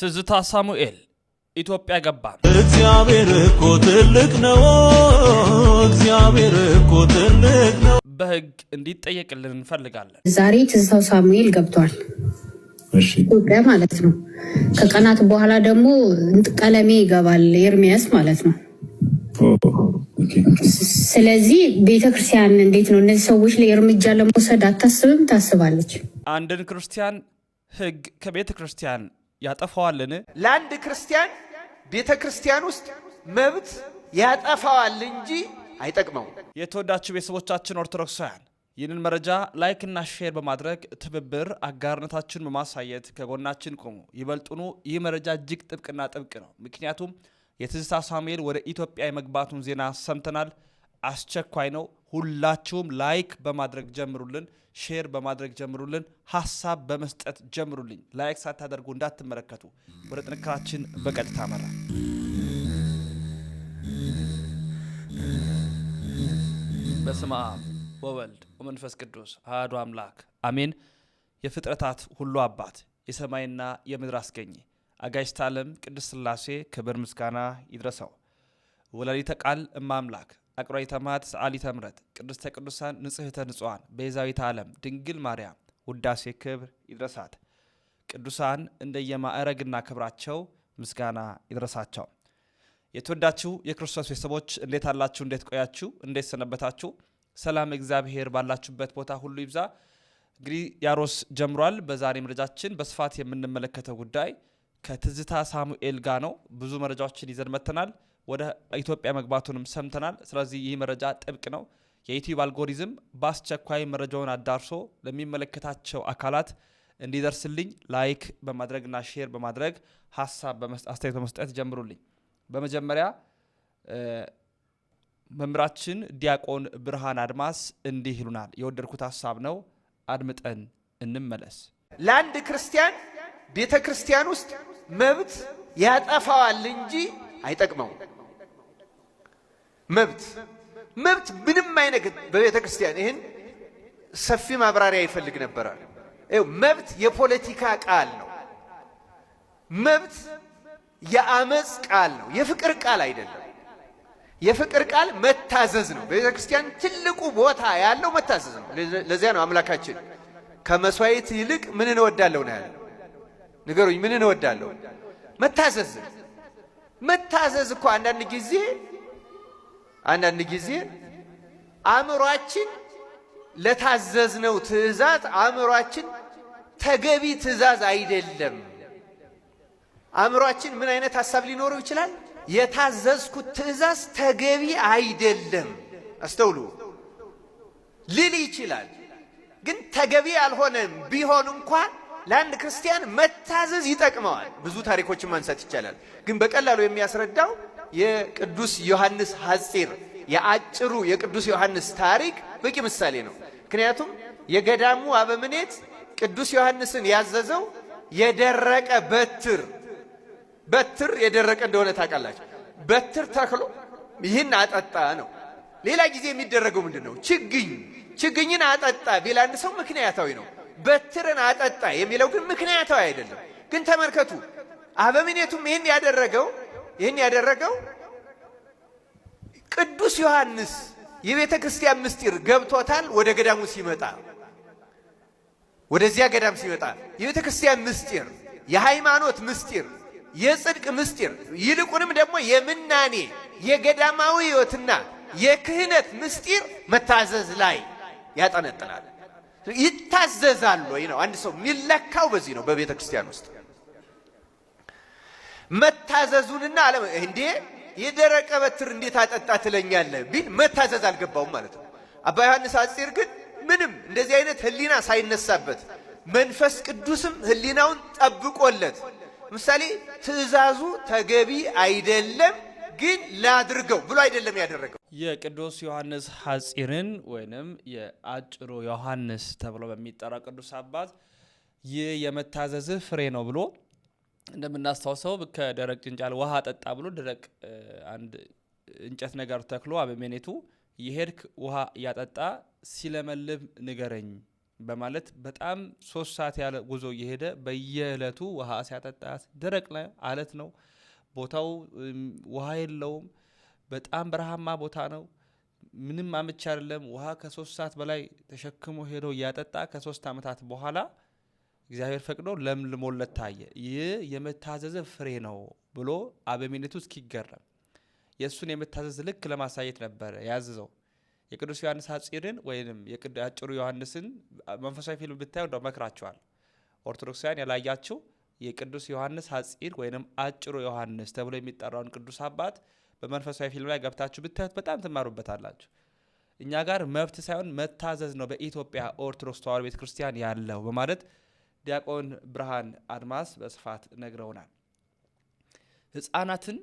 ትዝታ ሳሙኤል ኢትዮጵያ ገባ። እግዚአብሔር እኮ ትልቅ ነው፣ እግዚአብሔር እኮ ትልቅ ነው። በህግ እንዲጠየቅልን እንፈልጋለን። ዛሬ ትዝታው ሳሙኤል ገብቷል ኢትዮጵያ ማለት ነው። ከቀናት በኋላ ደግሞ ቀለሜ ይገባል ኤርሚያስ ማለት ነው። ስለዚህ ቤተክርስቲያን እንዴት ነው እነዚህ ሰዎች ላይ እርምጃ ለመውሰድ አታስብም? ታስባለች። አንድን ክርስቲያን ህግ ከቤተክርስቲያን ያጠፋዋልን? ለአንድ ክርስቲያን ቤተ ክርስቲያን ውስጥ መብት ያጠፋዋል እንጂ አይጠቅመው። የተወዳችሁ ቤተሰቦቻችን ኦርቶዶክሳውያን ይህንን መረጃ ላይክና ሼር በማድረግ ትብብር አጋርነታችን በማሳየት ከጎናችን ቆሙ። ይበልጡኑ ይህ መረጃ እጅግ ጥብቅና ጥብቅ ነው። ምክንያቱም የትዝታ ሳሙኤል ወደ ኢትዮጵያ የመግባቱን ዜና ሰምተናል። አስቸኳይ ነው። ሁላችሁም ላይክ በማድረግ ጀምሩልን፣ ሼር በማድረግ ጀምሩልን፣ ሀሳብ በመስጠት ጀምሩልኝ። ላይክ ሳታደርጉ እንዳትመለከቱ። ወደ ጥንክራችን በቀጥታ መራ በስመ አብ ወወልድ ወመንፈስ ቅዱስ አህዱ አምላክ አሜን። የፍጥረታት ሁሉ አባት የሰማይና የምድር አስገኝ አጋዕዝተ ዓለም ቅድስት ሥላሴ ክብር ምስጋና ይድረሰው። ወላዲተ ቃል እማ አምላክ አቅሯዊ ማት ሰዓሊተ ምሕረት ቅድስተ ቅዱሳን ንጽህተ ንጹሐን ቤዛዊተ ዓለም ድንግል ማርያም ውዳሴ ክብር ይድረሳት። ቅዱሳን እንደየማዕረግና ክብራቸው ምስጋና ይድረሳቸው። የተወዳችሁ የክርስቶስ ቤተሰቦች እንዴት አላችሁ? እንዴት ቆያችሁ? እንዴት ሰነበታችሁ? ሰላም እግዚአብሔር ባላችሁበት ቦታ ሁሉ ይብዛ። እንግዲህ ያሮስ ጀምሯል። በዛሬ መረጃችን በስፋት የምንመለከተው ጉዳይ ከትዝታ ሳሙኤል ጋር ነው። ብዙ መረጃዎችን ይዘን መጥተናል። ወደ ኢትዮጵያ መግባቱንም ሰምተናል። ስለዚህ ይህ መረጃ ጥብቅ ነው። የዩቲዩብ አልጎሪዝም በአስቸኳይ መረጃውን አዳርሶ ለሚመለከታቸው አካላት እንዲደርስልኝ ላይክ በማድረግና ሼር በማድረግ ሀሳብ አስተያየት በመስጠት ጀምሩልኝ። በመጀመሪያ መምህራችን ዲያቆን ብርሃን አድማስ እንዲህ ይሉናል። የወደድኩት ሀሳብ ነው፣ አድምጠን እንመለስ። ለአንድ ክርስቲያን ቤተ ክርስቲያን ውስጥ መብት ያጠፋዋል እንጂ አይጠቅመውም። መብት መብት ምንም አይነት በቤተ ክርስቲያን ይህን ሰፊ ማብራሪያ ይፈልግ ነበረ። መብት የፖለቲካ ቃል ነው። መብት የአመፅ ቃል ነው፣ የፍቅር ቃል አይደለም። የፍቅር ቃል መታዘዝ ነው። በቤተ ክርስቲያን ትልቁ ቦታ ያለው መታዘዝ ነው። ለዚያ ነው አምላካችን ከመስዋዕት ይልቅ ምን እንወዳለሁ ነው ያለ። ንገሩኝ፣ ምን እንወዳለሁ? መታዘዝ። መታዘዝ እኮ አንዳንድ ጊዜ አንዳንድ ጊዜ አእምሯችን ለታዘዝነው ትእዛዝ አእምሯችን ተገቢ ትእዛዝ አይደለም። አእምሯችን ምን አይነት ሀሳብ ሊኖረው ይችላል? የታዘዝኩት ትእዛዝ ተገቢ አይደለም፣ አስተውሉ ሊል ይችላል። ግን ተገቢ አልሆነም ቢሆን እንኳን ለአንድ ክርስቲያን መታዘዝ ይጠቅመዋል። ብዙ ታሪኮችን ማንሳት ይቻላል። ግን በቀላሉ የሚያስረዳው የቅዱስ ዮሐንስ ሐፂር የአጭሩ የቅዱስ ዮሐንስ ታሪክ በቂ ምሳሌ ነው። ምክንያቱም የገዳሙ አበምኔት ቅዱስ ዮሐንስን ያዘዘው የደረቀ በትር በትር የደረቀ እንደሆነ ታውቃላችሁ። በትር ተክሎ ይህን አጠጣ ነው። ሌላ ጊዜ የሚደረገው ምንድን ነው? ችግኝ ችግኝን አጠጣ ቢል አንድ ሰው ምክንያታዊ ነው። በትርን አጠጣ የሚለው ግን ምክንያታዊ አይደለም። ግን ተመልከቱ አበምኔቱም ይህን ያደረገው ይህን ያደረገው ቅዱስ ዮሐንስ የቤተ ክርስቲያን ምስጢር ገብቶታል። ወደ ገዳሙ ሲመጣ ወደዚያ ገዳም ሲመጣ የቤተ ክርስቲያን ምስጢር፣ የሃይማኖት ምስጢር፣ የጽድቅ ምስጢር ይልቁንም ደግሞ የምናኔ የገዳማዊ ሕይወትና የክህነት ምስጢር መታዘዝ ላይ ያጠነጥናል። ይታዘዛል ወይ ነው አንድ ሰው የሚለካው በዚህ ነው በቤተ ክርስቲያን ውስጥ መታዘዙንና አለ እንዴ የደረቀ በትር እንዴት አጠጣ ትለኛለ ቢል መታዘዝ አልገባውም ማለት ነው። አባ ዮሐንስ አጼር ግን ምንም እንደዚህ አይነት ህሊና ሳይነሳበት መንፈስ ቅዱስም ህሊናውን ጠብቆለት ምሳሌ ትእዛዙ ተገቢ አይደለም ግን ላድርገው ብሎ አይደለም ያደረገው። የቅዱስ ዮሐንስ ሐጺርን ወይንም የአጭሩ ዮሐንስ ተብሎ በሚጠራ ቅዱስ አባት ይህ የመታዘዝህ ፍሬ ነው ብሎ እንደምናስታውሰው ከደረቅ ጭንጫል ውሃ ጠጣ ብሎ ደረቅ አንድ እንጨት ነገር ተክሎ አበሜኔቱ የሄድክ ውሃ እያጠጣ ሲለመልም ንገረኝ በማለት በጣም ሶስት ሰዓት ያለ ጉዞ እየሄደ በየዕለቱ ውሃ ሲያጠጣ ደረቅ ላይ አለት ነው ቦታው፣ ውሃ የለውም። በጣም በረሃማ ቦታ ነው። ምንም አመቺ አይደለም። ውሃ ከሶስት ሰዓት በላይ ተሸክሞ ሄዶ እያጠጣ ከሶስት ዓመታት በኋላ እግዚአብሔር ፈቅዶ ለምልሞለት ታየ። ይህ የመታዘዘ ፍሬ ነው ብሎ አበሜኔቱ እስኪገረም የእሱን የመታዘዝ ልክ ለማሳየት ነበረ ያዝዘው። የቅዱስ ዮሐንስ አጭርን ወይም የአጭሩ ዮሐንስን መንፈሳዊ ፊልም ብታየው እንደው መክራቸዋል። ኦርቶዶክሳውያን ያላያችው የቅዱስ ዮሐንስ አጽድ ወይም አጭሩ ዮሐንስ ተብሎ የሚጠራውን ቅዱስ አባት በመንፈሳዊ ፊልም ላይ ገብታችሁ ብታዩት በጣም ትማሩበታላችሁ። እኛ ጋር መብት ሳይሆን መታዘዝ ነው በኢትዮጵያ ኦርቶዶክስ ተዋሕዶ ቤተክርስቲያን ያለው በማለት ዲያቆን ብርሃን አድማስ በስፋት ነግረውናል። ህፃናትን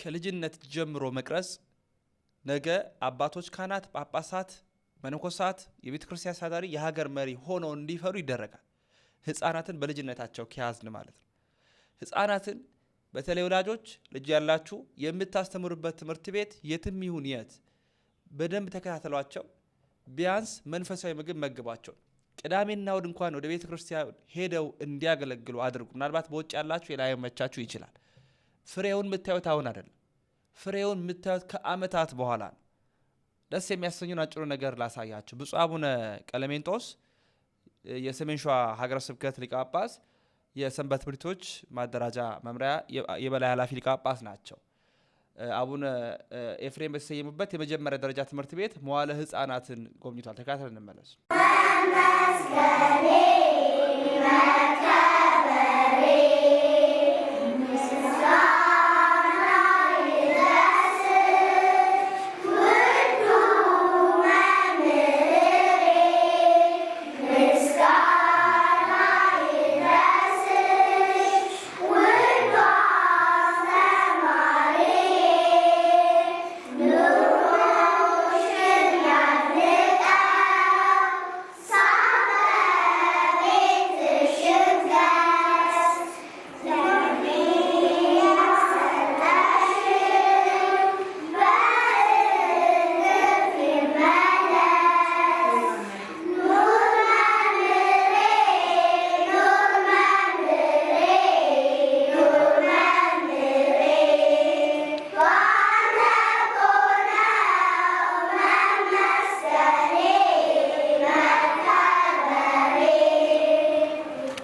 ከልጅነት ጀምሮ መቅረጽ ነገ አባቶች፣ ካህናት፣ ጳጳሳት፣ መነኮሳት፣ የቤተ ክርስቲያን አስተዳዳሪ፣ የሀገር መሪ ሆነው እንዲፈሩ ይደረጋል። ህፃናትን በልጅነታቸው ከያዝን ማለት ነው። ህፃናትን በተለይ ወላጆች ልጅ ያላችሁ የምታስተምሩበት ትምህርት ቤት የትም ይሁን የት በደንብ ተከታተሏቸው። ቢያንስ መንፈሳዊ ምግብ መግባቸው። ቅዳሜና እሁድ እንኳን ወደ ቤተ ክርስቲያን ሄደው እንዲያገለግሉ አድርጉ። ምናልባት በውጭ ያላችሁ የላይመቻችሁ ይችላል። ፍሬውን የምታዩት አሁን አይደለም። ፍሬውን የምታዩት ከአመታት በኋላ ነው። ደስ የሚያሰኙን አጭሩ ነገር ላሳያችሁ። ብፁዕ አቡነ ቀለሜንጦስ የሰሜን ሸዋ ሀገረ ስብከት ሊቀ ጳጳስ፣ የሰንበት ትምህርቶች ማደራጃ መምሪያ የበላይ ኃላፊ ሊቀ ጳጳስ ናቸው። አቡነ ኤፍሬም በተሰየሙበት የመጀመሪያ ደረጃ ትምህርት ቤት መዋለ ህጻናትን ጎብኝቷል። ተከታተል እንመለሱ። Namaskar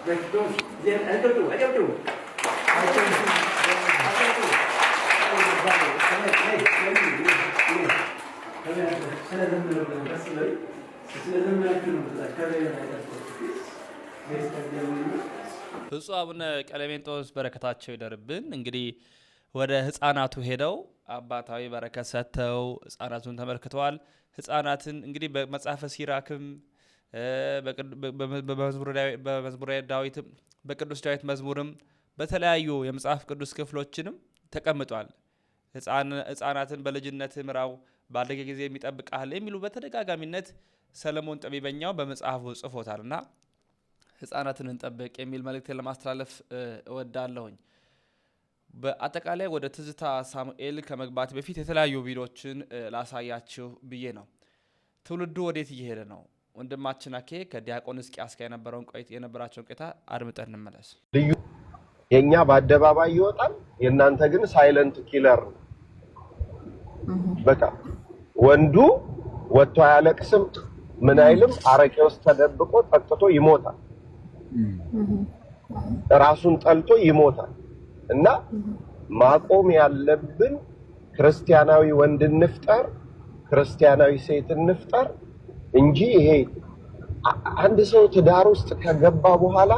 Don't, አቡነ ቀለሜንጦስ በረከታቸው ይደርብን። እንግዲህ ወደ ህፃናቱ ሄደው አባታዊ በረከት ሰጥተው ህፃናቱን ተመልክተዋል። ህጻናትን እንግዲህ በመጽሐፈ ሲራክም በመዝሙረ ዳዊትም በቅዱስ ዳዊት መዝሙርም በተለያዩ የመጽሐፍ ቅዱስ ክፍሎችንም ተቀምጧል። ሕፃናትን በልጅነት ምራው ባደገ ጊዜ የሚጠብቃል የሚሉ በተደጋጋሚነት ሰለሞን ጠቢበኛው በመጽሐፉ ጽፎታል እና ሕፃናትን እንጠብቅ የሚል መልእክቴን ለማስተላለፍ እወዳለሁኝ። በአጠቃላይ ወደ ትዝታ ሳሙኤል ከመግባት በፊት የተለያዩ ቪዲዮችን ላሳያችሁ ብዬ ነው። ትውልዱ ወዴት እየሄደ ነው? ወንድማችን አኬ ከዲያቆን እስቅያስ ጋር የነበረውን የነበራቸውን ቆይታ አድምጠን እንመለስ። ልዩ የእኛ በአደባባይ ይወጣል፣ የእናንተ ግን ሳይለንት ኪለር ነው። በቃ ወንዱ ወጥቶ አያለቅስም፣ ምን አይልም። አረቄ ውስጥ ተደብቆ ጠጥቶ ይሞታል፣ ራሱን ጠልቶ ይሞታል። እና ማቆም ያለብን ክርስቲያናዊ ወንድ እንፍጠር፣ ክርስቲያናዊ ሴት እንፍጠር። እንጂ ይሄ አንድ ሰው ትዳር ውስጥ ከገባ በኋላ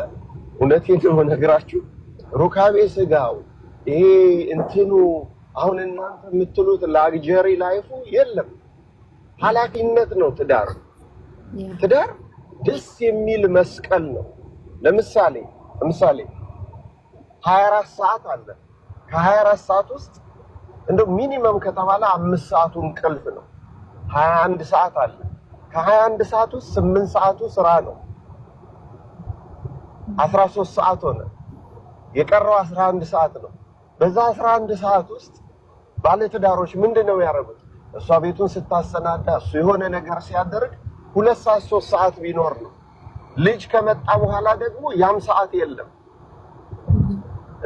እውነቴን ነው ነግራችሁ፣ ሩካቤ ስጋው ይሄ እንትኑ አሁን እናንተ የምትሉት ላግጀሪ ላይፉ የለም። ኃላፊነት ነው ትዳር። ትዳር ደስ የሚል መስቀል ነው። ለምሳሌ ለምሳሌ 24 ሰዓት አለ። ከ24 ሰዓት ውስጥ እንደው ሚኒመም ከተባለ አምስት ሰዓቱ እንቅልፍ ነው። 21 ሰዓት አለ ከሀያ አንድ ሰዓት ውስጥ ስምንት ሰዓቱ ስራ ነው። አስራ ሶስት ሰዓት ሆነ። የቀረው አስራ አንድ ሰዓት ነው። በዛ አስራ አንድ ሰዓት ውስጥ ባለትዳሮች ምንድን ነው ያደረጉት? እሷ ቤቱን ስታሰናዳ እሱ የሆነ ነገር ሲያደርግ ሁለት ሰዓት ሶስት ሰዓት ቢኖር ነው። ልጅ ከመጣ በኋላ ደግሞ ያም ሰዓት የለም።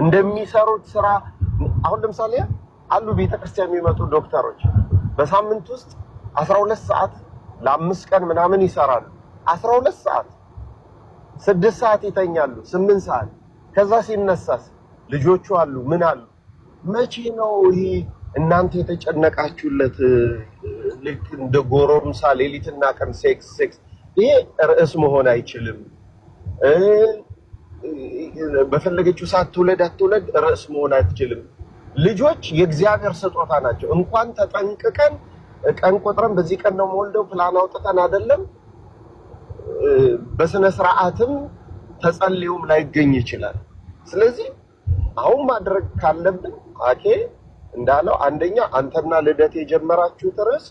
እንደሚሰሩት ስራ አሁን ለምሳሌ አሉ ቤተክርስቲያን የሚመጡ ዶክተሮች በሳምንት ውስጥ አስራ ሁለት ሰዓት ለአምስት ቀን ምናምን ይሰራሉ። አስራ ሁለት ሰዓት ስድስት ሰዓት ይተኛሉ፣ ስምንት ሰዓት ከዛ ሲነሳስ ልጆቹ አሉ ምን አሉ። መቼ ነው ይሄ እናንተ የተጨነቃችሁለት ልክ እንደ ጎረምሳ ሌሊትና ቀን ሴክስ ሴክስ ይሄ ርዕስ መሆን አይችልም። በፈለገችው ሰዓት ትውለድ አትውለድ ርዕስ መሆን አይችልም። ልጆች የእግዚአብሔር ስጦታ ናቸው። እንኳን ተጠንቅቀን ቀን ቆጥረን በዚህ ቀን ነው የምወልደው ፕላን አውጥተን አይደለም። በስነ ስርዓትም ተጸልዮም ላይገኝ ይችላል። ስለዚህ አሁን ማድረግ ካለብን አኬ እንዳለው አንደኛ አንተና ልደት የጀመራችሁት ርዕስ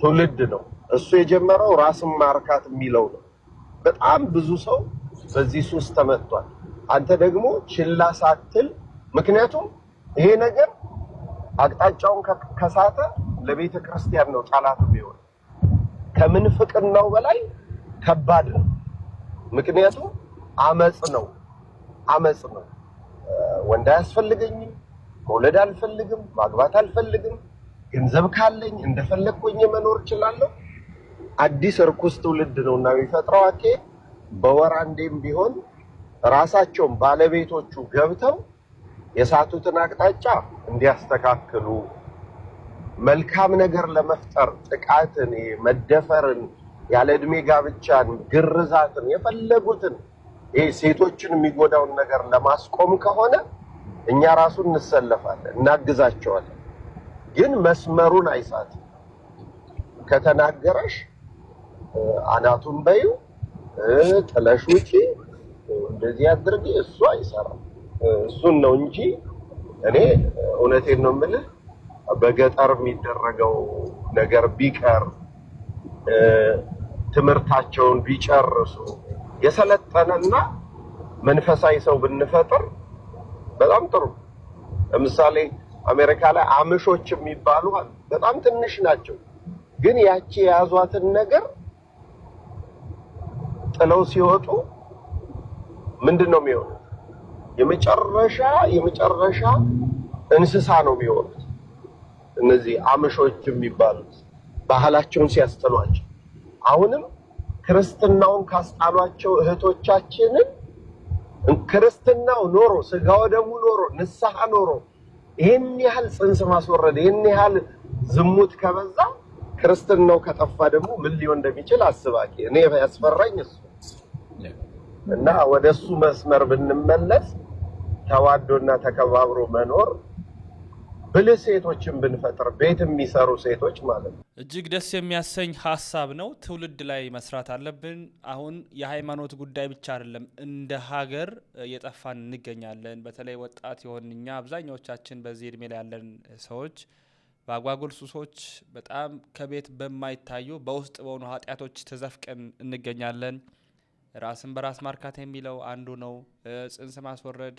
ትውልድ ነው። እሱ የጀመረው ራስን ማርካት የሚለው ነው። በጣም ብዙ ሰው በዚህ ሱስ ተመቷል። አንተ ደግሞ ችላ ሳትል ምክንያቱም ይሄ ነገር አቅጣጫውን ከሳተ ለቤተ ክርስቲያን ነው ጠላት የሚሆን። ነው በላይ ከባድ ነው። ምክንያቱም አመፅ ነው፣ አመፅ ነው። ወንድ አያስፈልገኝም፣ መውለድ አልፈልግም፣ ማግባት አልፈልግም፣ ገንዘብ ካለኝ እንደፈለግኩኝ መኖር እችላለሁ። አዲስ እርኩስ ትውልድ ነው እና የሚፈጥረው በወራንዴም በወር አንዴም ቢሆን ራሳቸውን ባለቤቶቹ ገብተው የሳቱትን አቅጣጫ እንዲያስተካክሉ መልካም ነገር ለመፍጠር ጥቃትን፣ መደፈርን፣ ያለ እድሜ ጋብቻን፣ ግርዛትን፣ የፈለጉትን ይህ ሴቶችን የሚጎዳውን ነገር ለማስቆም ከሆነ እኛ ራሱ እንሰለፋለን፣ እናግዛቸዋለን። ግን መስመሩን አይሳት። ከተናገረሽ አናቱን በይው፣ ጥለሽ ውጪ፣ እንደዚህ አድርጊ፣ እሱ አይሰራም። እሱን ነው እንጂ እኔ እውነቴን ነው የምልህ በገጠር የሚደረገው ነገር ቢቀር፣ ትምህርታቸውን ቢጨርሱ፣ የሰለጠነና መንፈሳዊ ሰው ብንፈጥር በጣም ጥሩ። ለምሳሌ አሜሪካ ላይ አምሾች የሚባሉ በጣም ትንሽ ናቸው፣ ግን ያቺ የያዟትን ነገር ጥለው ሲወጡ ምንድን ነው የሚሆኑ? የመጨረሻ የመጨረሻ እንስሳ ነው የሚሆኑ። እነዚህ አመሾች የሚባሉት ባህላቸውን ሲያስጠሏቸው አሁንም ክርስትናውን ካስጣሏቸው እህቶቻችንን ክርስትናው ኖሮ ስጋው ደሙ ኖሮ ንስሐ ኖሮ ይህን ያህል ጽንስ ማስወረድ ይህን ያህል ዝሙት ከበዛ ክርስትናው ከጠፋ ደግሞ ምን ሊሆን እንደሚችል አስባኪ። እኔ ያስፈራኝ እሱ እና ወደ እሱ መስመር ብንመለስ ተዋዶና ተከባብሮ መኖር ብልህ ሴቶችን ብንፈጥር ቤት የሚሰሩ ሴቶች ማለት ነው። እጅግ ደስ የሚያሰኝ ሀሳብ ነው። ትውልድ ላይ መስራት አለብን። አሁን የሃይማኖት ጉዳይ ብቻ አይደለም፣ እንደ ሀገር እየጠፋን እንገኛለን። በተለይ ወጣት የሆን እኛ አብዛኛዎቻችን በዚህ እድሜ ላይ ያለን ሰዎች በአጓጉል ሱሶች በጣም ከቤት በማይታዩ በውስጥ በሆኑ ኃጢአቶች ተዘፍቀን እንገኛለን። ራስን በራስ ማርካት የሚለው አንዱ ነው። ጽንስ ማስወረድ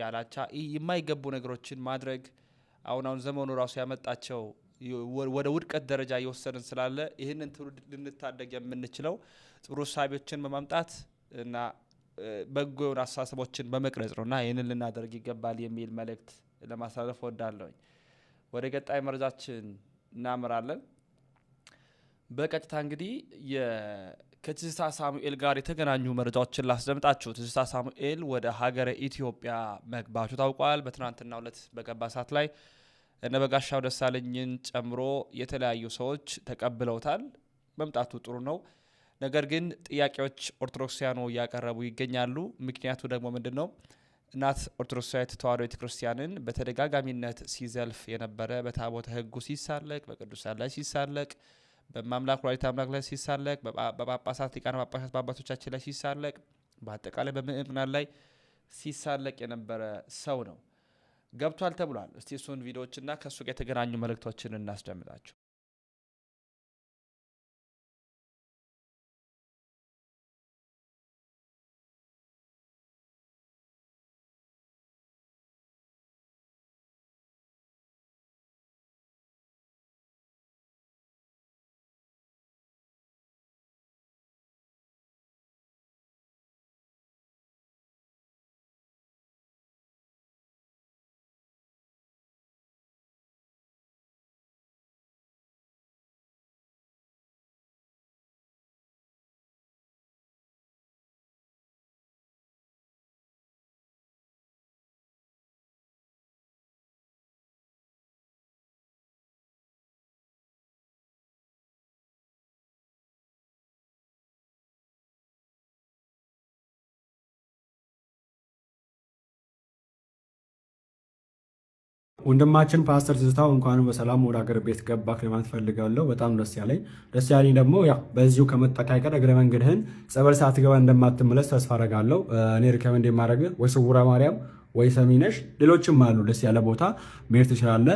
ያላቻ የማይገቡ ነገሮችን ማድረግ አሁን አሁን ዘመኑ ራሱ ያመጣቸው ወደ ውድቀት ደረጃ እየወሰድን ስላለ ይህንን ትውልድ ልንታደግ የምንችለው ጥሩ ሳቢዎችን በማምጣት እና በጎ የሆኑ አስተሳሰቦችን በመቅረጽ ነው እና ይህንን ልናደርግ ይገባል የሚል መልእክት ለማሳለፍ ወዳለሁኝ። ወደ ቀጣይ መረጃችን እናምራለን። በቀጥታ እንግዲህ ከትዝታ ሳሙኤል ጋር የተገናኙ መረጃዎችን ላስደምጣችሁ። ትዝታ ሳሙኤል ወደ ሀገረ ኢትዮጵያ መግባቱ ታውቋል። በትናንትና ዕለት በገባ ሰዓት ላይ እነ በጋሻው ደሳለኝን ጨምሮ የተለያዩ ሰዎች ተቀብለውታል። መምጣቱ ጥሩ ነው። ነገር ግን ጥያቄዎች ኦርቶዶክሳውያኑ እያቀረቡ ይገኛሉ። ምክንያቱ ደግሞ ምንድን ነው? እናት ኦርቶዶክሳዊት ተዋሕዶ ቤተክርስቲያንን በተደጋጋሚነት ሲዘልፍ የነበረ በታቦተ ሕጉ ሲሳለቅ፣ በቅዱሳን ላይ ሲሳለቅ በማምላክ ወላዲተ አምላክ ላይ ሲሳለቅ፣ በጳጳሳት ሊቃነ ጳጳሳት በአባቶቻችን ላይ ሲሳለቅ፣ በአጠቃላይ በምእምናን ላይ ሲሳለቅ የነበረ ሰው ነው። ገብቷል ተብሏል። እስቲ እሱን ቪዲዮዎችና ከእሱ ጋር የተገናኙ መልእክቶችን እናስደምጣቸው። ወንድማችን ፓስተር ትዝታው እንኳንም በሰላም ወደ አገር ቤት ገባክ ለማለት ፈልጋለሁ። በጣም ደስ ያለኝ ደስ ያለኝ ደግሞ ያው በዚሁ ከመጣህ አይቀር እግረ መንገድህን ጸበል ሳትገባ እንደማትመለስ ተስፋ አደርጋለሁ። እኔ ሪከመንድ የማድረግ ወይ ስውራ ማርያም ወይ ሰሚነሽ ሌሎችም አሉ። ደስ ያለ ቦታ መሄድ ትችላለ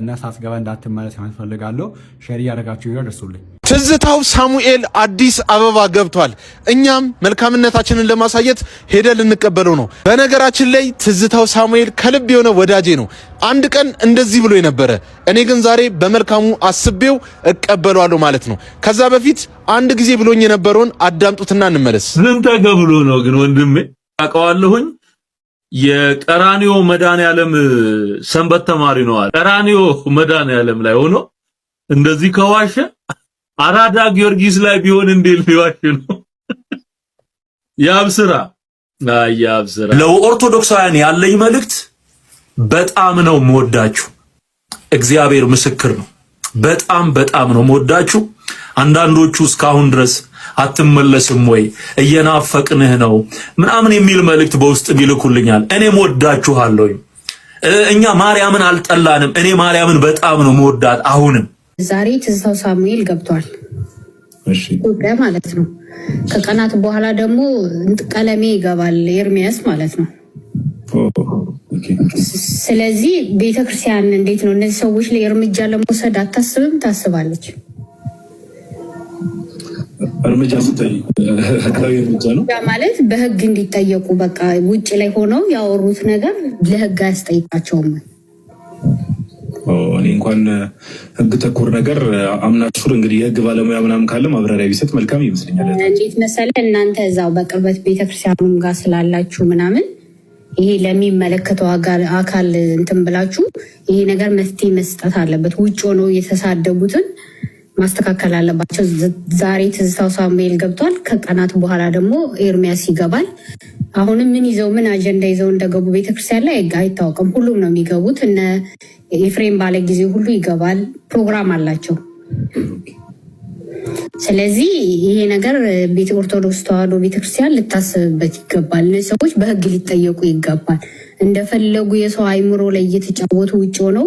እና ሳትገባ እንዳትመለስ ማለት ሸሪ ሼር ይሆ ደርሱልኝ። ትዝታው ሳሙኤል አዲስ አበባ ገብቷል። እኛም መልካምነታችንን ለማሳየት ሄደ ልንቀበለው ነው። በነገራችን ላይ ትዝታው ሳሙኤል ከልብ የሆነ ወዳጄ ነው። አንድ ቀን እንደዚህ ብሎ የነበረ እኔ ግን ዛሬ በመልካሙ አስቤው እቀበለዋለሁ ማለት ነው። ከዛ በፊት አንድ ጊዜ ብሎኝ የነበረውን አዳምጡትና እንመለስ። ምን ተገብሎ ነው ግን ወንድሜ አውቀዋለሁኝ የቀራኒዮ መድኃኔ ዓለም ሰንበት ተማሪ ነው አለ። ቀራኒዮ መድኃኔ ላይ ሆኖ እንደዚህ ከዋሸ አራዳ ጊዮርጊስ ላይ ቢሆን እንዴ ሊዋሽ ነው? ያብስራ አያብስራ። ለኦርቶዶክሳውያን ያለኝ መልእክት በጣም ነው የምወዳችሁ። እግዚአብሔር ምስክር ነው። በጣም በጣም ነው የምወዳችሁ። አንዳንዶቹ እስካሁን ድረስ አትመለስም ወይ እየናፈቅንህ ነው ምናምን የሚል መልእክት በውስጥ ይልኩልኛል። እኔም ወዳችኋለሁ። እኛ ማርያምን አልጠላንም። እኔ ማርያምን በጣም ነው መወዳት። አሁንም ዛሬ ትዝታው ሳሙኤል ገብቷል ኢትዮጵያ ማለት ነው። ከቀናት በኋላ ደግሞ ቀለሜ ይገባል ኤርሚያስ ማለት ነው። ስለዚህ ቤተክርስቲያን እንዴት ነው እነዚህ ሰዎች ላይ እርምጃ ለመውሰድ አታስብም? ታስባለች እርምጃ ሲታይ ህጋዊ እርምጃ ነው ማለት በህግ እንዲጠየቁ በቃ ውጭ ላይ ሆነው ያወሩት ነገር ለህግ አያስጠይቃቸውም። እኔ እንኳን ህግ ተኮር ነገር አምናሹር እንግዲህ የህግ ባለሙያ ምናምን ካለ ማብራሪያ ቢሰጥ መልካም ይመስለኛል። እንዴት መሰለህ እናንተ እዛው በቅርበት ቤተክርስቲያኑም ጋር ስላላችሁ ምናምን ይሄ ለሚመለከተው አካል እንትን ብላችሁ ይሄ ነገር መፍትሄ መስጠት አለበት። ውጭ ሆነው የተሳደቡትን ማስተካከል አለባቸው። ዛሬ ትዝታው ሳሙኤል ገብቷል። ከቀናት በኋላ ደግሞ ኤርሚያስ ይገባል። አሁንም ምን ይዘው ምን አጀንዳ ይዘው እንደገቡ ቤተክርስቲያን ላይ አይታወቅም። ሁሉም ነው የሚገቡት። እነ ኤፍሬም ባለ ጊዜ ሁሉ ይገባል። ፕሮግራም አላቸው። ስለዚህ ይሄ ነገር ቤተ ኦርቶዶክስ ተዋህዶ ቤተክርስቲያን ልታስብበት ይገባል። እነዚህ ሰዎች በህግ ሊጠየቁ ይገባል። እንደፈለጉ የሰው አይምሮ ላይ እየተጫወቱ ውጭ ሆነው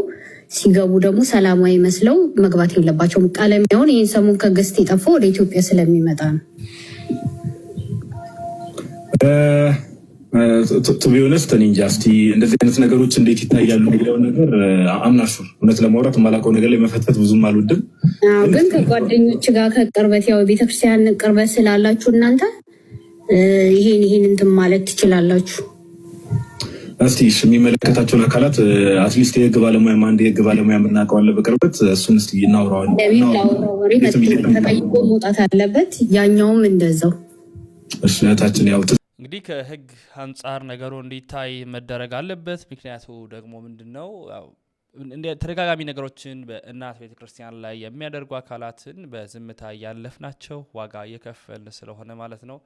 ሲገቡ ደግሞ ሰላማዊ መስለው መግባት የለባቸውም። ቀለሚያውን ይህን ሰሞን ከገስት የጠፋው ወደ ኢትዮጵያ ስለሚመጣ ነው። ቱቢዮነስት እኔ እንጃ እንደዚህ አይነት ነገሮች እንዴት ይታያሉ የሚለውን ነገር አምናሹ እውነት ለማውራት የማላውቀው ነገር ላይ መፈተት ብዙም አልወድም። ግን ከጓደኞች ጋር ከቅርበት ያው ቤተክርስቲያን ቅርበት ስላላችሁ እናንተ ይሄን ይሄን እንትን ማለት ትችላላችሁ። እስቲ የሚመለከታቸውን አካላት አትሊስት የህግ ባለሙያ አንድ የህግ ባለሙያ የምናውቀዋለ በቅርበት እሱን ስ እናውረዋል። ተጠይቆ መውጣት አለበት። ያኛውም እንደዛው እህታችን ያውት እንግዲህ ከህግ አንጻር ነገሩ እንዲታይ መደረግ አለበት። ምክንያቱ ደግሞ ምንድን ነው? ተደጋጋሚ ነገሮችን በእናት ቤተ ክርስቲያን ላይ የሚያደርጉ አካላትን በዝምታ እያለፍናቸው ዋጋ እየከፈልን ስለሆነ ማለት ነው።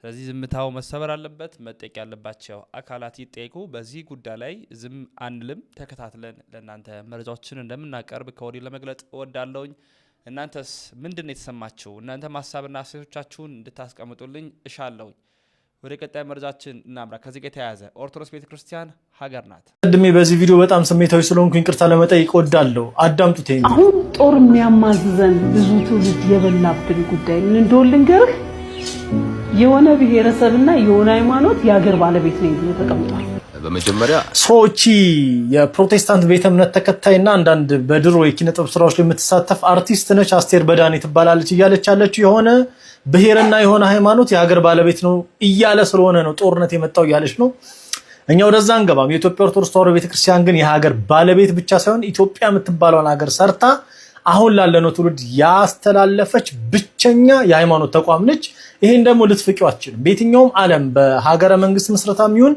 ስለዚህ ዝምታው መሰበር አለበት። መጠየቅ ያለባቸው አካላት ይጠየቁ። በዚህ ጉዳይ ላይ ዝም አንልም፣ ተከታትለን ለእናንተ መረጃዎችን እንደምናቀርብ ከወዲህ ለመግለጽ እወዳለውኝ። እናንተስ ምንድን ነው የተሰማችሁ? እናንተ ሀሳብና አስተያየቶቻችሁን እንድታስቀምጡልኝ እሻለውኝ። ወደ ቀጣይ መረጃችን እናምራ። ከዚህ ጋር የተያያዘ ኦርቶዶክስ ቤተክርስቲያን ሀገር ናት። ቅድሜ በዚህ ቪዲዮ በጣም ስሜታዊ ስለሆንኩ ይቅርታ ለመጠየቅ እወዳለሁ። አዳምጡት። አሁን ጦር የሚያማዝዘን ብዙ ትውልድ የበላብን ጉዳይ ምን እንደሆነ ልንገርህ የሆነ ብሔረሰብና የሆነ ሃይማኖት የሀገር ባለቤት ነው ብሎ ተቀምጧል። በመጀመሪያ ሰዎች የፕሮቴስታንት ቤተ እምነት ተከታይና አንዳንድ በድሮ የኪነጥበብ ስራዎች ላይ የምትሳተፍ አርቲስት ነች። አስቴር በዳኔ ትባላለች። እያለች ያለችው የሆነ ብሔርና የሆነ ሃይማኖት የሀገር ባለቤት ነው እያለ ስለሆነ ነው ጦርነት የመጣው እያለች ነው። እኛ ወደዛ አንገባም። የኢትዮጵያ ኦርቶዶክስ ተዋሕዶ ቤተክርስቲያን ግን የሀገር ባለቤት ብቻ ሳይሆን ኢትዮጵያ የምትባለውን ሀገር ሰርታ አሁን ላለነው ትውልድ ያስተላለፈች ብቸኛ የሃይማኖት ተቋም ነች። ይህን ደግሞ ልትፍቂው አትችልም። በየትኛውም ዓለም በሀገረ መንግስት ምስረታም ይሁን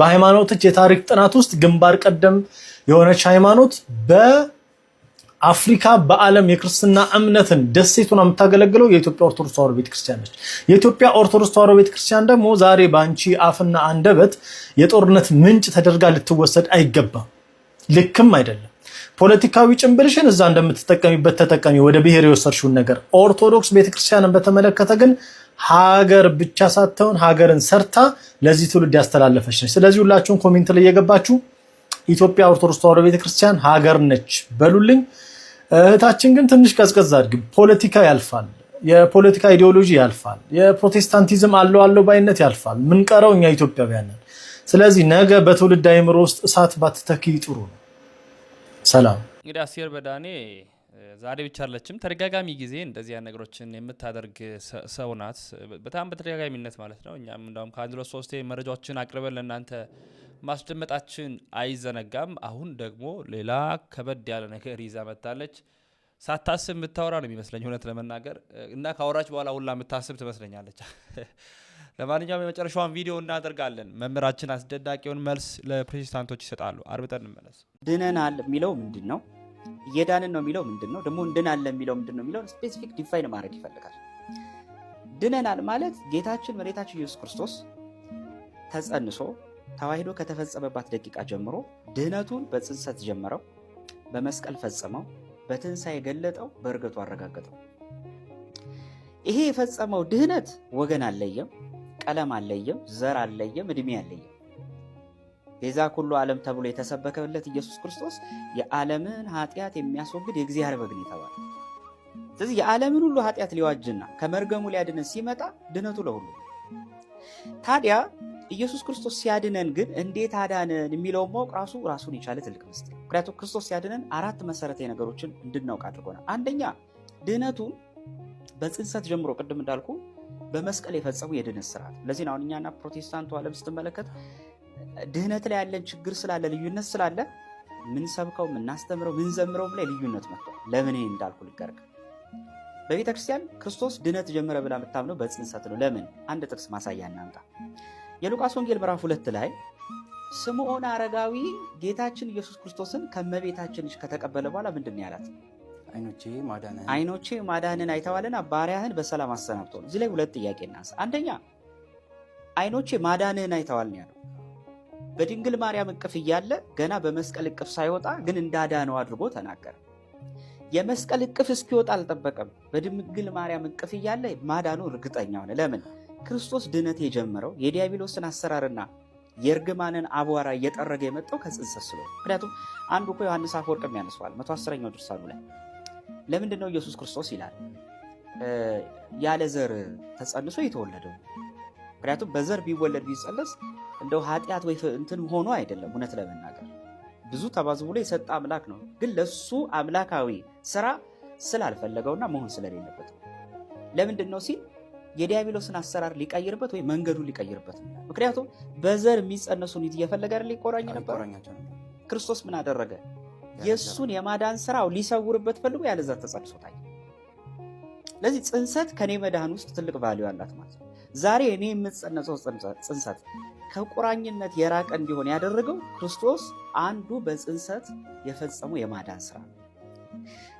በሃይማኖቶች የታሪክ ጥናት ውስጥ ግንባር ቀደም የሆነች ሃይማኖት በአፍሪካ በዓለም የክርስትና እምነትን ደሴቱን የምታገለግለው የኢትዮጵያ ኦርቶዶክስ ተዋሕዶ ቤተክርስቲያን ነች። የኢትዮጵያ ኦርቶዶክስ ተዋሕዶ ቤተክርስቲያን ደግሞ ዛሬ በአንቺ አፍና አንደበት የጦርነት ምንጭ ተደርጋ ልትወሰድ አይገባም። ልክም አይደለም። ፖለቲካዊ ጭንብልሽን እዛ እንደምትጠቀሚበት ተጠቀሚ፣ ወደ ብሔር የወሰድሽውን ነገር። ኦርቶዶክስ ቤተክርስቲያንን በተመለከተ ግን ሀገር ብቻ ሳትሆን ሀገርን ሰርታ ለዚህ ትውልድ ያስተላለፈች ነች። ስለዚህ ሁላችሁን ኮሜንት ላይ የገባችሁ ኢትዮጵያ ኦርቶዶክስ ተዋሕዶ ቤተክርስቲያን ሀገር ነች በሉልኝ። እህታችን ግን ትንሽ ቀዝቀዝ አድርጊ። ፖለቲካ ያልፋል፣ የፖለቲካ ኢዲዮሎጂ ያልፋል፣ የፕሮቴስታንቲዝም አለው አለው ባይነት ያልፋል። ምንቀረው እኛ ኢትዮጵያውያንን። ስለዚህ ነገ በትውልድ አይምሮ ውስጥ እሳት ባትተኪ ጥሩ ነው። ሰላም። እንግዲህ አስቴር በዳኔ ዛሬ ብቻ አለችም ተደጋጋሚ ጊዜ እንደዚህ ነገሮችን የምታደርግ ሰው ናት። በጣም በተደጋጋሚነት ማለት ነው። እኛም እንዳውም ከአንድ ሁለት ሶስቴ መረጃዎችን አቅርበን ለእናንተ ማስደመጣችን አይዘነጋም። አሁን ደግሞ ሌላ ከበድ ያለ ነገር ይዛ መታለች። ሳታስብ የምታወራ ነው የሚመስለኝ እውነት ለመናገር እና ካወራች በኋላ ሁላ የምታስብ ትመስለኛለች። ለማንኛውም የመጨረሻውን ቪዲዮ እናደርጋለን። መምህራችን አስደናቂውን መልስ ለፕሮቴስታንቶች ይሰጣሉ። አርብጠን እንመለስ። ድነናል የሚለው ምንድን ነው? እየዳንን ነው የሚለው ምንድን ነው? ደግሞ እንድናለ የሚለው ምንድን ነው የሚለውን ስፔሲፊክ ዲፋይን ማድረግ ይፈልጋል። ድነናል ማለት ጌታችን መሬታችን ኢየሱስ ክርስቶስ ተጸንሶ ተዋሂዶ ከተፈጸመባት ደቂቃ ጀምሮ ድህነቱን በጽንሰት ጀመረው፣ በመስቀል ፈጸመው፣ በትንሣኤ ገለጠው፣ በእርገቱ አረጋገጠው። ይሄ የፈጸመው ድህነት ወገን አለየም፣ ቀለም አለየም፣ ዘር አለየም፣ እድሜ አለየም። ቤዛ ኩሉ ዓለም ተብሎ የተሰበከለት ኢየሱስ ክርስቶስ የዓለምን ኃጢአት የሚያስወግድ የእግዚአብሔር በግ ነው የተባለ። ስለዚህ የዓለምን ሁሉ ኃጢአት ሊዋጅና ከመርገሙ ሊያድነን ሲመጣ ድነቱ ለሁሉ። ታዲያ ኢየሱስ ክርስቶስ ሲያድነን ግን እንዴት አዳነን የሚለውን ማወቅ ራሱ ራሱን የቻለ ትልቅ ምስጢር። ምክንያቱም ክርስቶስ ሲያድነን አራት መሰረታዊ ነገሮችን እንድናውቅ አድርጎናል። አንደኛ ድህነቱን በጽንሰት ጀምሮ ቅድም እንዳልኩ በመስቀል የፈጸሙ የድህነት ስርዓት። ለዚህ አሁን እኛና ፕሮቴስታንቱ ዓለም ስትመለከት ድህነት ላይ ያለን ችግር ስላለ ልዩነት ስላለ ምንሰብከው ምናስተምረው ምንዘምረው ላይ ልዩነት መጥቷል። ለምን እንዳልኩ ልቀርቅ በቤተ ክርስቲያን ክርስቶስ ድነት ጀመረ ብላ የምታምነው በጽንሰት ነው። ለምን? አንድ ጥቅስ ማሳያ እናምጣ። የሉቃስ ወንጌል ምዕራፍ ሁለት ላይ ስምዖን አረጋዊ ጌታችን ኢየሱስ ክርስቶስን ከመቤታችን ከተቀበለ በኋላ ምንድን ያላት? አይኖቼ ማዳንን አይተዋልና ባሪያህን በሰላም አሰናብቶ ነው። እዚህ ላይ ሁለት ጥያቄ እናንሳ። አንደኛ አይኖቼ ማዳንህን አይተዋል ነው ያለው። በድንግል ማርያም እቅፍ እያለ ገና በመስቀል እቅፍ ሳይወጣ ግን እንዳዳነው አድርጎ ተናገረ። የመስቀል እቅፍ እስኪወጣ አልጠበቀም። በድንግል ማርያም እቅፍ እያለ ማዳኑ እርግጠኛ ሆነ። ለምን? ክርስቶስ ድነት የጀመረው የዲያብሎስን አሰራርና የእርግማንን አቧራ እየጠረገ የመጣው ከጽንሰት ስለ ምክንያቱም አንዱ እኮ ዮሐንስ አፈወርቅ የሚያነሷል መቶ አስረኛው ድርሳኑ ላይ ለምንድን ነው ኢየሱስ ክርስቶስ ይላል ያለ ዘር ተጸንሶ የተወለደው? ምክንያቱም በዘር ቢወለድ ቢጸነስ እንደው ኃጢአት ወይ እንትን ሆኖ አይደለም። እውነት ለመናገር ብዙ ብሎ የሰጠ አምላክ ነው። ግን ለሱ አምላካዊ ስራ ስላልፈለገውና መሆን ስለሌለበት ለምንድን ነው ሲል የዲያብሎስን አሰራር ሊቀይርበት ወይ መንገዱን ሊቀይርበት ነው። ምክንያቱም በዘር የሚጸነሱን እየፈለገ ሊቆራኝ ነበር። ክርስቶስ ምን አደረገ? የእሱን የማዳን ስራው ሊሰውርበት ፈልጎ ያለዛ ተጸድሶታል። ለዚህ ጽንሰት ከኔ መድህን ውስጥ ትልቅ ቫሊዩ አላት ማለት ነው። ዛሬ እኔ የምትጸነሰው ጽንሰት ከቁራኝነት የራቀ እንዲሆን ያደረገው ክርስቶስ አንዱ በጽንሰት የፈጸመው የማዳን ስራ ነው።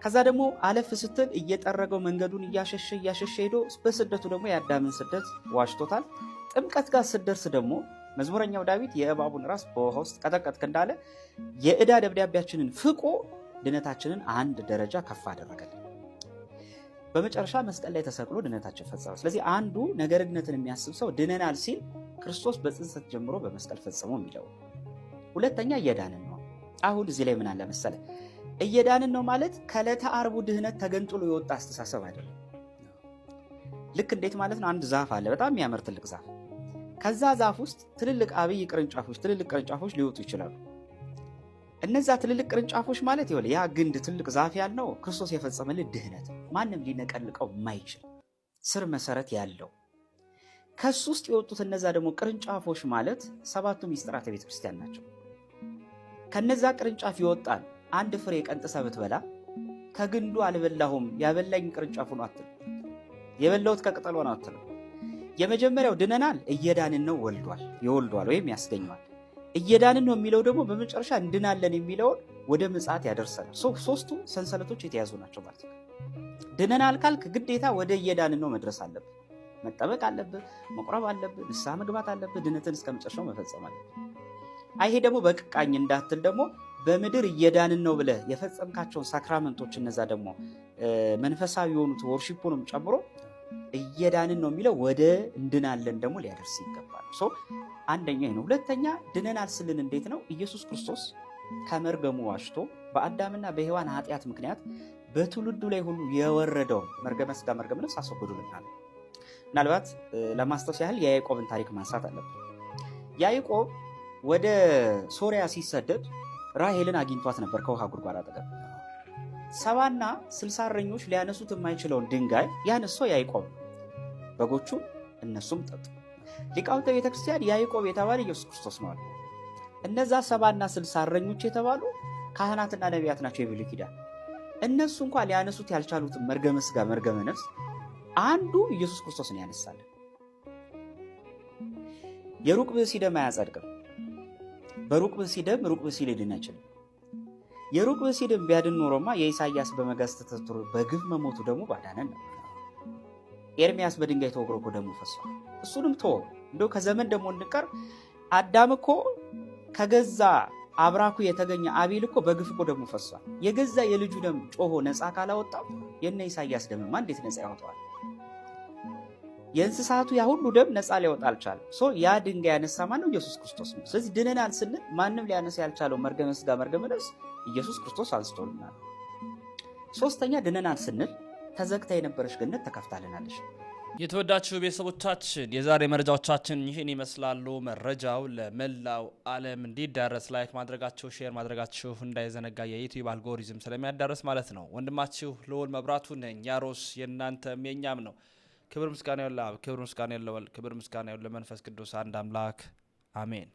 ከዛ ደግሞ አለፍ ስትል እየጠረገው መንገዱን እያሸሸ እያሸሸ ሄዶ በስደቱ ደግሞ የአዳምን ስደት ዋሽቶታል። ጥምቀት ጋር ስደርስ ደግሞ መዝሙረኛው ዳዊት የእባቡን ራስ በውሃ ውስጥ ቀጠቀጥክ እንዳለ የእዳ ደብዳቤያችንን ፍቆ ድነታችንን አንድ ደረጃ ከፍ አደረገል። በመጨረሻ መስቀል ላይ ተሰቅሎ ድነታችን ፈጸመ። ስለዚህ አንዱ ነገረ ድነትን የሚያስብ ሰው ድነናል ሲል ክርስቶስ በጽንሰት ጀምሮ በመስቀል ፈጽሞ የሚለው ሁለተኛ እየዳንን ነው። አሁን እዚህ ላይ ምን አለ መሰለ፣ እየዳንን ነው ማለት ከለተ አርቡ ድህነት ተገንጥሎ የወጣ አስተሳሰብ አይደለም። ልክ እንዴት ማለት ነው? አንድ ዛፍ አለ፣ በጣም የሚያምር ትልቅ ዛፍ ከዛ ዛፍ ውስጥ ትልልቅ አብይ ቅርንጫፎች ትልልቅ ቅርንጫፎች ሊወጡ ይችላሉ። እነዛ ትልልቅ ቅርንጫፎች ማለት ይሆ ያ ግንድ ትልቅ ዛፍ ያልነው ክርስቶስ የፈጸመልን ድህነት ማንም ሊነቀንቀው የማይችል ስር መሰረት ያለው ከሱ ውስጥ የወጡት እነዛ ደግሞ ቅርንጫፎች ማለት ሰባቱ ሚስጥራተ ቤተ ክርስቲያን ናቸው። ከነዛ ቅርንጫፍ ይወጣል አንድ ፍሬ ቀንጥሰ ብትበላ ከግንዱ አልበላሁም ያበላኝ ቅርንጫፉ ነው አትልም። የበላሁት ከቅጠሏ ነው አትልም። የመጀመሪያው ድነናል፣ እየዳንን ነው ወልዷል፣ ይወልዷል ወይም ያስገኘዋል። እየዳንን ነው የሚለው ደግሞ በመጨረሻ እንድናለን የሚለውን ወደ ምጽአት ያደርሰናል። ሶስቱ ሰንሰለቶች የተያዙ ናቸው ማለት ነው። ድነናል ካልክ ግዴታ ወደ እየዳንን ነው መድረስ አለብህ። መጠበቅ አለብህ፣ መቁረብ አለብህ፣ ንስሐ መግባት አለብህ፣ ድነትን እስከ መጨረሻው መፈጸም አለብህ። ይሄ ደግሞ በቅቃኝ እንዳትል ደግሞ በምድር እየዳንን ነው ብለህ የፈጸምካቸውን ሳክራመንቶች እነዛ ደግሞ መንፈሳዊ የሆኑት ወርሺፑንም ጨምሮ እየዳንን ነው የሚለው ወደ እንድናለን ደግሞ ሊያደርስ ይገባል። አንደኛ ነው። ሁለተኛ ድነናል ስልን እንዴት ነው? ኢየሱስ ክርስቶስ ከመርገሙ ዋሽቶ በአዳምና በሔዋን ኃጢአት ምክንያት በትውልዱ ላይ ሁሉ የወረደው መርገመ ሥጋ መርገመ ነፍስ አስወግዶልናል። ምናልባት ለማስታወስ ያህል የያዕቆብን ታሪክ ማንሳት አለብን። ያዕቆብ ወደ ሶሪያ ሲሰደድ ራሄልን አግኝቷት ነበር ከውሃ ጉድጓድ አጠገብ ሰባና ስልሳ እረኞች ሊያነሱት የማይችለውን ድንጋይ ያነሶ ያዕቆብ በጎቹ እነሱም ጠጡ። ሊቃውንተ ቤተ ክርስቲያን ያዕቆብ የተባለ ኢየሱስ ክርስቶስ ነው አለ። እነዛ ሰባና ስልሳ እረኞች የተባሉ ካህናትና ነቢያት ናቸው የብሉይ ኪዳን። እነሱ እንኳ ሊያነሱት ያልቻሉትን መርገመ ሥጋ መርገመ ነፍስ አንዱ ኢየሱስ ክርስቶስን ያነሳለን። የሩቅ ብእሲ ደም አያጸድቅም። በሩቅ ብእሲ ደም ሩቅ ብእሲ ሊድን አይችልም። የሩቅ ብሲድን ቢያድን ኖሮማ የኢሳያስ በመጋዝ ተተትሮ በግፍ መሞቱ ደግሞ ባዳነን ነው። ኤርሚያስ በድንጋይ ተወግሮ እኮ ደሙ ፈሷል። እሱንም ተወ። እንደው ከዘመን ደግሞ እንቀር አዳም እኮ ከገዛ አብራኩ የተገኘ አቤል እኮ በግፍ እኮ ደግሞ ፈሷል። የገዛ የልጁ ደም ጮሆ ነፃ ካላወጣው የነ ኢሳያስ ደምማ እንዴት ነፃ ያወጣዋል? የእንስሳቱ ያ ሁሉ ደም ነፃ ሊያወጣ አልቻለም። ያ ድንጋይ ያነሳ ማነው? ኢየሱስ ክርስቶስ ነው። ስለዚህ ድነናል ስንል ማንም ሊያነሳ ያልቻለው መርገመ ስጋ መርገመ ነፍስ ኢየሱስ ክርስቶስ አንስቶልናል። ሶስተኛ ድነናል ስንል ተዘግታ የነበረች ገነት ተከፍታልናለች። የተወዳችሁ ቤተሰቦቻችን የዛሬ መረጃዎቻችን ይህን ይመስላሉ። መረጃው ለመላው ዓለም እንዲዳረስ ላይክ ማድረጋችሁ፣ ሼር ማድረጋችሁ እንዳይዘነጋ የዩቲዩብ አልጎሪዝም ስለሚያዳረስ ማለት ነው። ወንድማችሁ ልዑል መብራቱ ነኝ። ያሮስ የእናንተም የእኛም ነው። ክብር ምስጋና ያለው አብ፣ ክብር ምስጋና ያለው ወልድ፣ ክብር ምስጋና ያለው መንፈስ ቅዱስ አንድ አምላክ አሜን።